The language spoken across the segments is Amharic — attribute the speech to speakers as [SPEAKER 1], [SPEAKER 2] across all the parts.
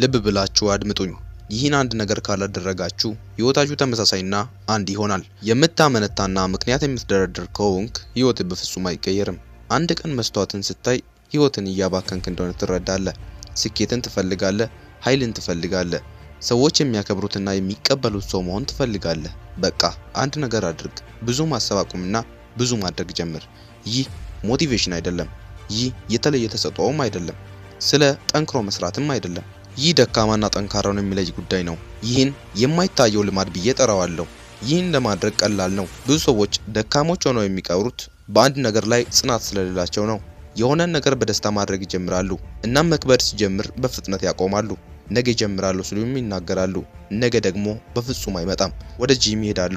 [SPEAKER 1] ልብ ብላችሁ አድምጡኝ። ይህን አንድ ነገር ካላደረጋችሁ ህይወታችሁ ተመሳሳይና አንድ ይሆናል። የምታመነታና ምክንያት የምትደረድር ከሆንክ ህይወት በፍጹም አይቀየርም። አንድ ቀን መስታወትን ስታይ ህይወትን እያባከንክ እንደሆነ ትረዳለህ። ስኬትን ትፈልጋለህ፣ ኃይልን ትፈልጋለህ፣ ሰዎች የሚያከብሩትና የሚቀበሉት ሰው መሆን ትፈልጋለህ። በቃ አንድ ነገር አድርግ። ብዙ ማሰብ አቁምና ብዙ ማድረግ ጀምር። ይህ ሞቲቬሽን አይደለም። ይህ የተለየ ተሰጥኦም አይደለም። ስለ ጠንክሮ መስራትም አይደለም። ይህ ደካማና ጠንካራውን የሚለይ ጉዳይ ነው። ይህን የማይታየው ልማድ ብዬ ጠራዋለሁ። ይህን ለማድረግ ቀላል ነው። ብዙ ሰዎች ደካሞች ሆነው የሚቀሩት በአንድ ነገር ላይ ጽናት ስለሌላቸው ነው። የሆነን ነገር በደስታ ማድረግ ይጀምራሉ፣ እናም መክበድ ሲጀምር በፍጥነት ያቆማሉ። ነገ ይጀምራሉ ሲሉም ይናገራሉ። ነገ ደግሞ በፍጹም አይመጣም። ወደ ጂም ይሄዳሉ፣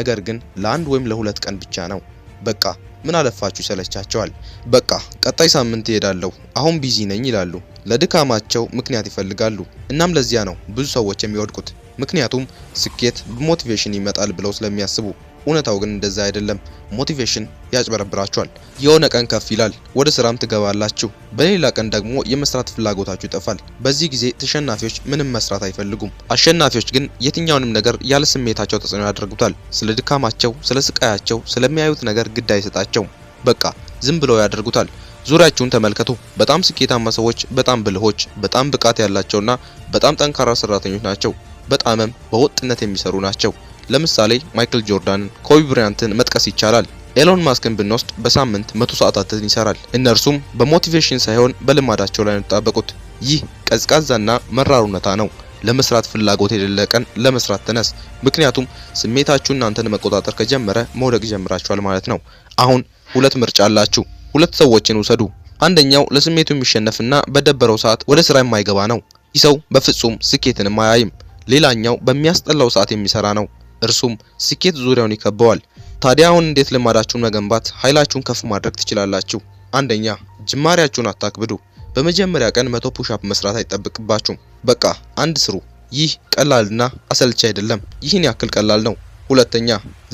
[SPEAKER 1] ነገር ግን ለአንድ ወይም ለሁለት ቀን ብቻ ነው። በቃ ምን አለፋችሁ ይሰለቻቸዋል። በቃ ቀጣይ ሳምንት ይሄዳለሁ፣ አሁን ቢዚ ነኝ ይላሉ። ለድካማቸው ምክንያት ይፈልጋሉ። እናም ለዚያ ነው ብዙ ሰዎች የሚወድቁት፣ ምክንያቱም ስኬት በሞቲቬሽን ይመጣል ብለው ስለሚያስቡ። እውነታው ግን እንደዛ አይደለም። ሞቲቬሽን ያጭበረብራችኋል። የሆነ ቀን ከፍ ይላል፣ ወደ ስራም ትገባላችሁ። በሌላ ቀን ደግሞ የመስራት ፍላጎታችሁ ይጠፋል። በዚህ ጊዜ ተሸናፊዎች ምንም መስራት አይፈልጉም። አሸናፊዎች ግን የትኛውንም ነገር ያለ ስሜታቸው ተጽዕኖ ያደርጉታል። ስለ ድካማቸው፣ ስለ ስቃያቸው፣ ስለሚያዩት ነገር ግድ አይሰጣቸውም። በቃ ዝም ብለው ያደርጉታል። ዙሪያችሁን ተመልከቱ። በጣም ስኬታማ ሰዎች፣ በጣም ብልሆች፣ በጣም ብቃት ያላቸውና በጣም ጠንካራ ሰራተኞች ናቸው። በጣምም በወጥነት የሚሰሩ ናቸው። ለምሳሌ ማይክል ጆርዳን ኮቢ ብራያንትን መጥቀስ ይቻላል። ኤሎን ማስክን ብንወስድ በሳምንት መቶ ሰዓታትን ይሰራል። እነርሱም በሞቲቬሽን ሳይሆን በልማዳቸው ላይ ነው ይህ ቀዝቃዛና መራር እውነታ ነው። ለመስራት ፍላጎት የሌለ ቀን ለመስራት ተነስ። ምክንያቱም ስሜታችሁ እናንተን መቆጣጠር ከጀመረ መውደቅ ጀምራችኋል ማለት ነው። አሁን ሁለት ምርጫ አላችሁ። ሁለት ሰዎችን ውሰዱ። አንደኛው ለስሜቱ የሚሸነፍና በደበረው ሰዓት ወደ ስራ የማይገባ ነው። ይህ ሰው በፍጹም ስኬትንም አያይም። ሌላኛው በሚያስጠላው ሰዓት የሚሰራ ነው። እርሱም ስኬት ዙሪያውን ይከበዋል። ታዲያ አሁን እንዴት ልማዳችሁን መገንባት፣ ኃይላችሁን ከፍ ማድረግ ትችላላችሁ? አንደኛ ጅማሬያችሁን አታክብዱ። በመጀመሪያ ቀን መቶ ፑሻፕ መስራት አይጠብቅባችሁም። በቃ አንድ ስሩ። ይህ ቀላልና አሰልቺ አይደለም። ይህን ያክል ቀላል ነው። ሁለተኛ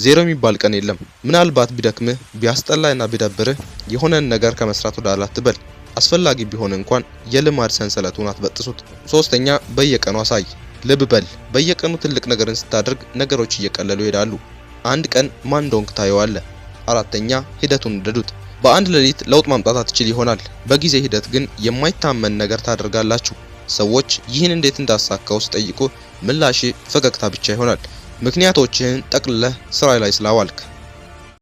[SPEAKER 1] ዜሮ የሚባል ቀን የለም። ምናልባት ቢደክምህ ቢያስጠላና ቢደብርህ የሆነን ነገር ከመስራት ወደ ኋላ አትበል። አስፈላጊ ቢሆን እንኳን የልማድ ሰንሰለቱን አትበጥሱት። ሶስተኛ በየቀኑ አሳይ። ልብ በል በየቀኑ ትልቅ ነገርን ስታደርግ ነገሮች እየቀለሉ ይሄዳሉ። አንድ ቀን ማን እንደሆንክ ታየዋለህ። አራተኛ ሂደቱን ውደዱት። በአንድ ሌሊት ለውጥ ማምጣት አትችል ይሆናል። በጊዜ ሂደት ግን የማይታመን ነገር ታደርጋላችሁ። ሰዎች ይህን እንዴት እንዳሳካው ሲጠይቁ ምላሽ ፈገግታ ብቻ ይሆናል። ምክንያቶችን ጠቅልለህ ስራ ላይ ስላዋልክ